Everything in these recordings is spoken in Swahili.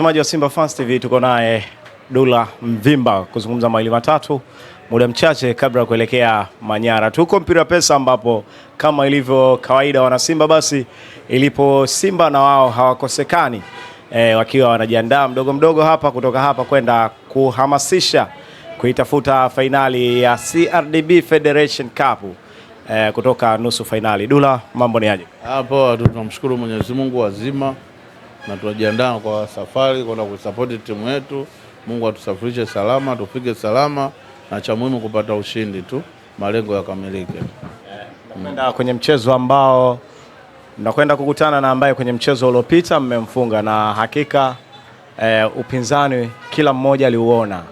Mtazamaji wa Simba Fans TV tuko naye Dula Mvimba kuzungumza mawili matatu muda mchache kabla ya kuelekea Manyara. Tuko mpira pesa, ambapo kama ilivyo kawaida wanasimba, basi ilipo Simba na wao hawakosekani e, wakiwa wanajiandaa mdogo mdogo hapa kutoka hapa kwenda kuhamasisha kuitafuta fainali ya CRDB Federation Cup e, kutoka nusu fainali. Dula, mambo ni aje? Hapo ah, tunamshukuru Mwenyezi Mungu wazima na tunajiandaa kwa safari kwenda kusapoti timu yetu. Mungu atusafirishe salama, tufike salama, na cha muhimu kupata ushindi tu, malengo yakamilike. Nakwenda mm. kwenye mchezo ambao nakwenda kukutana na ambaye kwenye mchezo uliopita mmemfunga, na hakika eh, upinzani kila mmoja aliuona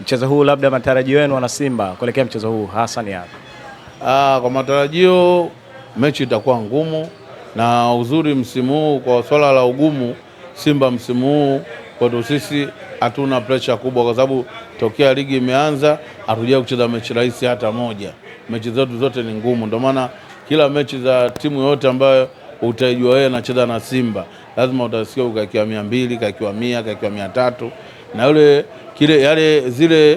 mchezo huu. Labda matarajio yenu wana Simba kuelekea mchezo huu hasa ni yapi? Ah, kwa matarajio mechi itakuwa ngumu na uzuri msimu huu kwa swala la ugumu, Simba msimu huu kwetu sisi hatuna presha kubwa, kwa sababu tokea ligi imeanza hatujai kucheza mechi rahisi hata moja. Mechi zetu zote ni ngumu, ndio maana kila mechi za timu yoyote ambayo utaijua wewe anacheza na Simba lazima utasikia ukakiwa mia mbili kakiwa mia kakiwa mia tatu na yule kile yale zile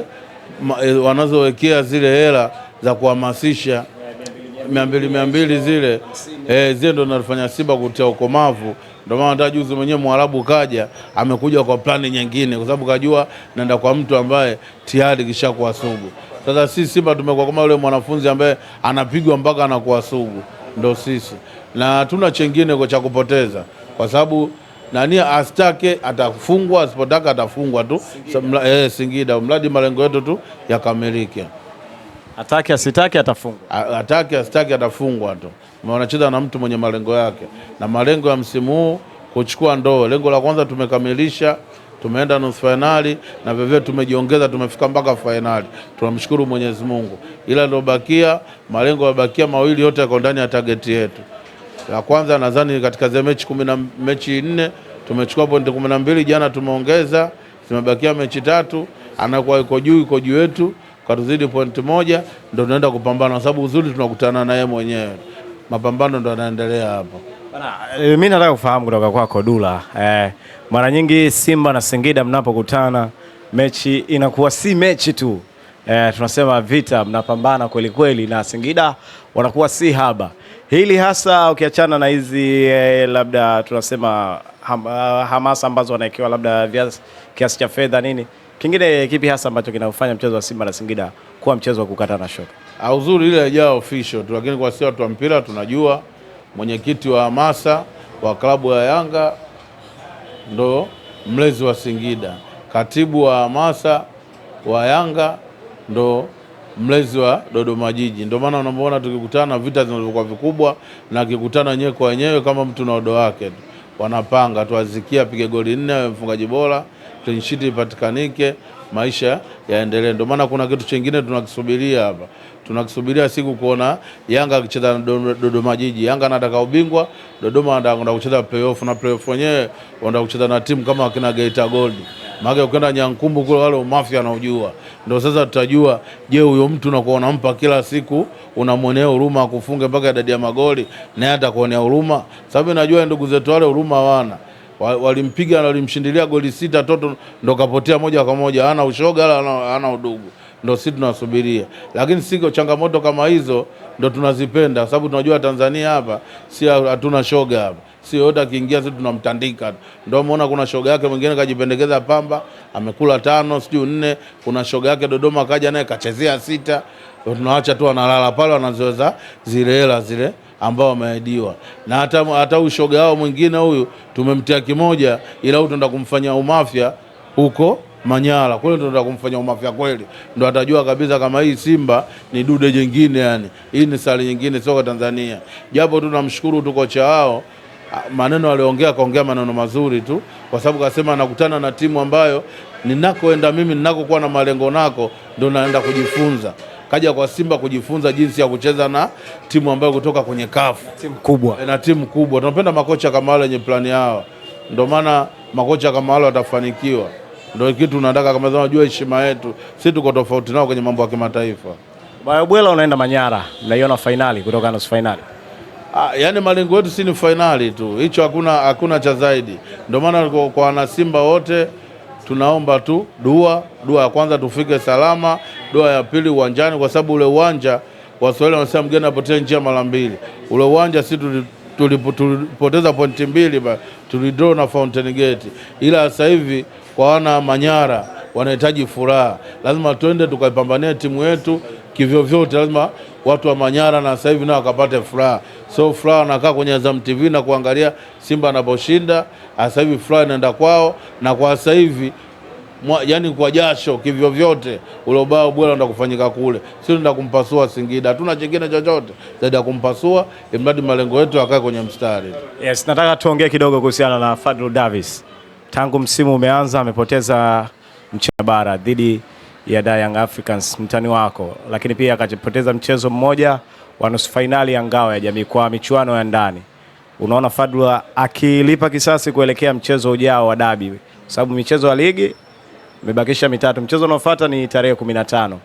eh, wanazowekea zile hela za kuhamasisha mia mbili mia mbili zile eh, zile ndo nalifanya Simba kutia ukomavu. Ndio maana hata juzi mwenyewe Mwarabu kaja amekuja kwa plani nyingine, kwa sababu kajua naenda kwa mtu ambaye tayari kishakuwa sugu. Sasa sisi Simba tumekuwa kama yule mwanafunzi ambaye anapigwa mpaka anakuwa sugu, ndo sisi na tuna chengine cha kupoteza, kwa sababu nani astake atafungwa, asipotaka atafungwa tu Singida. E, eh, Singida mradi malengo yetu tu yakamilike. Ataki asitaki atafungwa, ataki asitaki atafungwa tu. Wanacheza na mtu mwenye malengo yake, na malengo ya msimu huu kuchukua ndoo. Lengo la kwanza tumekamilisha, tumeenda nusu fainali na vivyo tumejiongeza, tumefika mpaka fainali. Tunamshukuru Mwenyezi Mungu, ila lobakia malengo yabakia mawili, yote yako ndani ya tageti yetu. La kwanza nadhani katika zile mechi kumi na mechi nne tumechukua pointi kumi na mbili jana tumeongeza, zimebakia mechi tatu, anakuwa iko juu, iko juu yetu katuzidi pointi moja, ndo tunaenda kupambana, kwa sababu uzuri tunakutana naye mwenyewe, mapambano ndo yanaendelea hapo. Eh, mimi nataka kufahamu kutoka kwako Dula, eh, mara nyingi Simba na Singida mnapokutana mechi inakuwa si mechi tu eh, tunasema vita, mnapambana kweli kweli, na Singida wanakuwa si haba. Hili hasa ukiachana na hizi eh, labda tunasema ham, eh, hamasa ambazo wanaekewa labda kiasi cha fedha nini Kingine kipi hasa ambacho kinafanya mchezo wa Simba na Singida kuwa mchezo wa kukata na shoka? Uzuri ile haijao official tu, lakini kwa sisi watu wa mpira tunajua mwenyekiti wa hamasa wa klabu ya Yanga ndo mlezi wa Singida, katibu wa hamasa wa Yanga ndo mlezi wa Dodoma Jiji. Ndio maana unamwona tukikutana vita zinazokuwa vikubwa, na akikutana wenyewe kwa wenyewe kama mtu na odo wake tu, wanapanga tuazikia, apige goli nne, mfungaji bora clean sheet ipatikanike, maisha yaendelee. Ndio maana kuna kitu chingine tunakisubiria hapa, tunakisubiria siku kuona Yanga akicheza na Dodoma Jiji. Yanga anataka ubingwa, Dodoma anataka kucheza playoff, na playoff wenyewe wanataka kucheza na timu kama akina Geita Gold. Maana ukienda Nyankumbu kule wale mafia anaujua. Ndio sasa tutajua, je, huyo mtu unakuwa unampa kila siku unamwonea huruma akufunge mpaka idadi ya magoli, naye atakuonea huruma? Sababu najua ndugu zetu wale huruma hawana walimpiga na walimshindilia goli sita, toto ndo kapotea moja kwa moja, ana ushoga ana udugu, ndo sisi tunasubiria. Lakini siko changamoto kama hizo ndo tunazipenda, kwa sababu tunajua Tanzania hapa si hatuna shoga hapa, si yote akiingia sisi tunamtandika. Ndo umeona kuna shoga yake mwingine kajipendekeza Pamba amekula tano sijui nne, kuna shoga yake Dodoma kaja naye kachezea sita, tunaacha tu analala pale, wanazoeza zile hela zile ambao wameahidiwa, na hata, hata ushoga wao mwingine huyu tumemtia kimoja, ila huyu tunataka kumfanya umafya huko Manyara kule, tunataka kumfanya umafia kweli, ndo atajua kabisa kama hii Simba ni dude jingine, yani hii ni sali nyingine sio Tanzania. Japo tunamshukuru tu kocha wao, maneno aliongea, kaongea maneno mazuri tu, kwa sababu kasema anakutana na timu ambayo ninakoenda mimi, ninakokuwa na malengo nako, ndo naenda kujifunza kaja kwa Simba kujifunza jinsi ya kucheza na timu ambayo kutoka kwenye kafu timu kubwa. na timu kubwa tunapenda makocha kama wale wenye plani yao, ndio maana makocha kama wale watafanikiwa, ndio kitu tunataka kama unajua heshima yetu, sisi tuko tofauti nao kwenye mambo ya kimataifa. Bwela, unaenda Manyara, naiona fainali kutoka nusu fainali. Ah, yaani malengo yetu si ni fainali tu, hicho hakuna hakuna cha zaidi. Ndio maana kwa wanasimba wote tunaomba tu dua, dua ya kwanza tufike salama, doa ya pili uwanjani, kwa sababu ule uwanja Waswahili wanasema mgeni apotee njia mara mbili. Ule uwanja si tulipoteza pointi mbili, tulidraw na Fountain Gate, ila sasa hivi kwa wana Manyara wanahitaji furaha, lazima twende tukaipambania timu yetu kivyo vyote, lazima watu wa Manyara na sasa hivi nao wakapate furaha. So furaha wanakaa kwenye Azam TV na kuangalia Simba anaposhinda. Sasa hivi furaha inaenda kwao, na kwa sasa hivi mwa, yani kwa jasho kivyo vyote ule ubao bora ndo kufanyika kule, si ndo kumpasua Singida. Hatuna chingine chochote zaidi ya kumpasua, imradi malengo yetu akae kwenye mstari. Yes, nataka tuongee kidogo kuhusiana na Fadlu Davis. Tangu msimu umeanza amepoteza mchezo bara dhidi ya Young Africans mtani wako, lakini pia akapoteza mchezo mmoja wa nusu fainali ya ngao ya jamii kwa michuano ya ndani. Unaona Fadlu akilipa kisasi kuelekea mchezo ujao wa dabi, sababu michezo ya ligi Imebakisha mitatu. Mchezo unaofuata ni tarehe 15.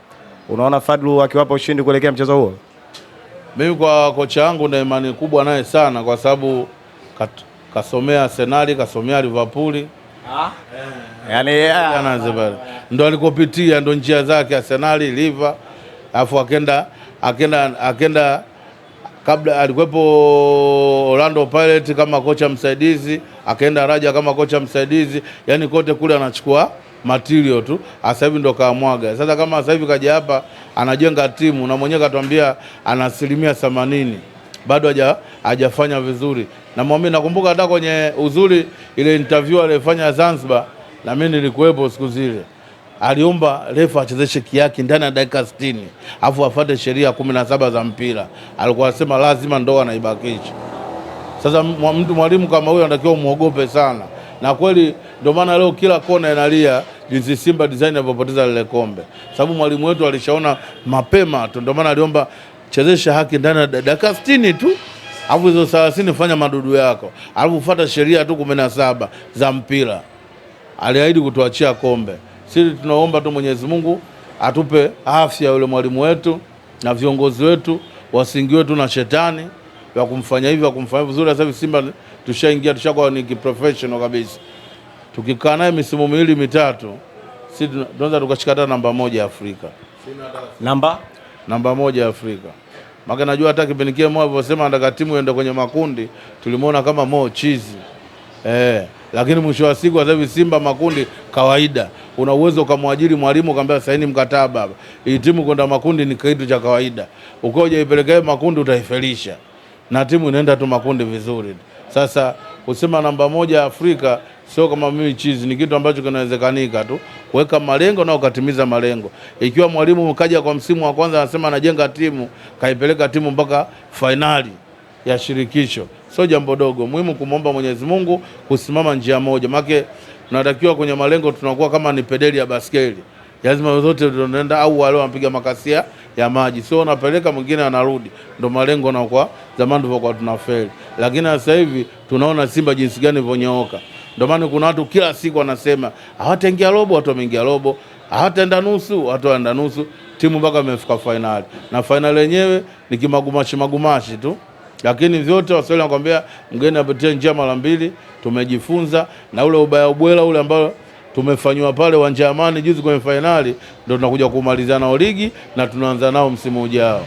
Unaona Fadlu akiwapa ushindi kuelekea mchezo huo? Mimi kwa kocha wangu na imani kubwa naye sana kwa sababu kasomea Arsenal, kasomea Liverpool. Ah? Yaani yeah. pale. Ndio alikopitia ndio njia zake Arsenal, Liverpool. Alafu akenda akenda akenda kabla alikuwepo Orlando Pirates kama kocha msaidizi, akaenda Raja kama kocha msaidizi, yaani kote kule anachukua material tu, sasa hivi ndo kaamwaga. Sasa kama sasa hivi kaja hapa anajenga timu na mwenyewe katuambia ana asilimia themanini bado haja hajafanya vizuri, na mimi nakumbuka hata kwenye uzuri ile interview aliyofanya Zanzibar, na mimi nilikuwepo siku zile aliomba refa achezeshe kiaki ndani ya dakika 60 afu afuate sheria kumi na saba za mpira. Alikuwa anasema lazima ndoa anaibakisha. Sasa mtu mwalimu kama huyo anatakiwa muogope sana, na kweli ndio maana leo kila kona inalia jinsi Simba Design alivyopoteza lile kombe, sababu mwalimu wetu alishaona mapema tu. Ndio maana aliomba chezesha haki ndani ya dakika 60 tu, alafu hizo 30 fanya madudu yako, alafu fuata sheria tu 17 za mpira. Aliahidi kutuachia kombe. Sisi tunaomba tu Mwenyezi Mungu atupe afya yule mwalimu wetu na viongozi wetu wasiingiwe tu na shetani ya kumfanya hivyo, ya kumfanya vizuri. Sasa hivi Simba tushaingia, tushakuwa ni professional kabisa tukikaa naye misimu miwili mitatu, si tunaweza hata namba moja Afrika, namba namba moja Afrika. Maka najua hata kipindi kile mwa alivyosema anataka timu iende kwenye makundi, tulimwona kama Mo chizi eh, lakini mwisho wa siku sasa hivi Simba makundi kawaida, una uwezo ukamwajiri mwalimu ukamwambia saini mkataba hapa, hii timu kwenda makundi ni kitu cha kawaida. ukoje ipelekee makundi utaifelisha, na timu inaenda tu makundi vizuri. Sasa kusema namba moja Afrika Sio kama mimi chizi, ni kitu ambacho kinawezekanika tu, kuweka malengo na ukatimiza malengo. Ikiwa mwalimu kaja kwa msimu wa kwanza anasema anajenga timu, kaipeleka timu mpaka fainali ya shirikisho, sio jambo dogo. Muhimu kumwomba Mwenyezi Mungu, kusimama njia moja, make tunatakiwa kwenye malengo tunakuwa kama ni pedeli ya baskeli, lazima zote tunaenda, au wale wanapiga makasia ya maji, sio unapeleka mwingine anarudi. Ndo malengo na kwa zamani tulikuwa tunafeli, lakini sasa hivi tunaona Simba jinsi gani ivonyooka. Ndio maana kuna watu kila siku wanasema hawataingia robo, watu wameingia robo, hawataenda nusu, watu waenda nusu, timu mpaka imefika fainali, na fainali yenyewe ni kimagumashi magumashi tu, lakini vyote Waswahili wanakwambia mgeni apitie njia mara mbili. Tumejifunza na ule ubaya ubwela ule ambao tumefanywa pale uwanja Amani juzi kwenye fainali, ndio tunakuja kumalizana nao ligi na tunaanza nao msimu ujao.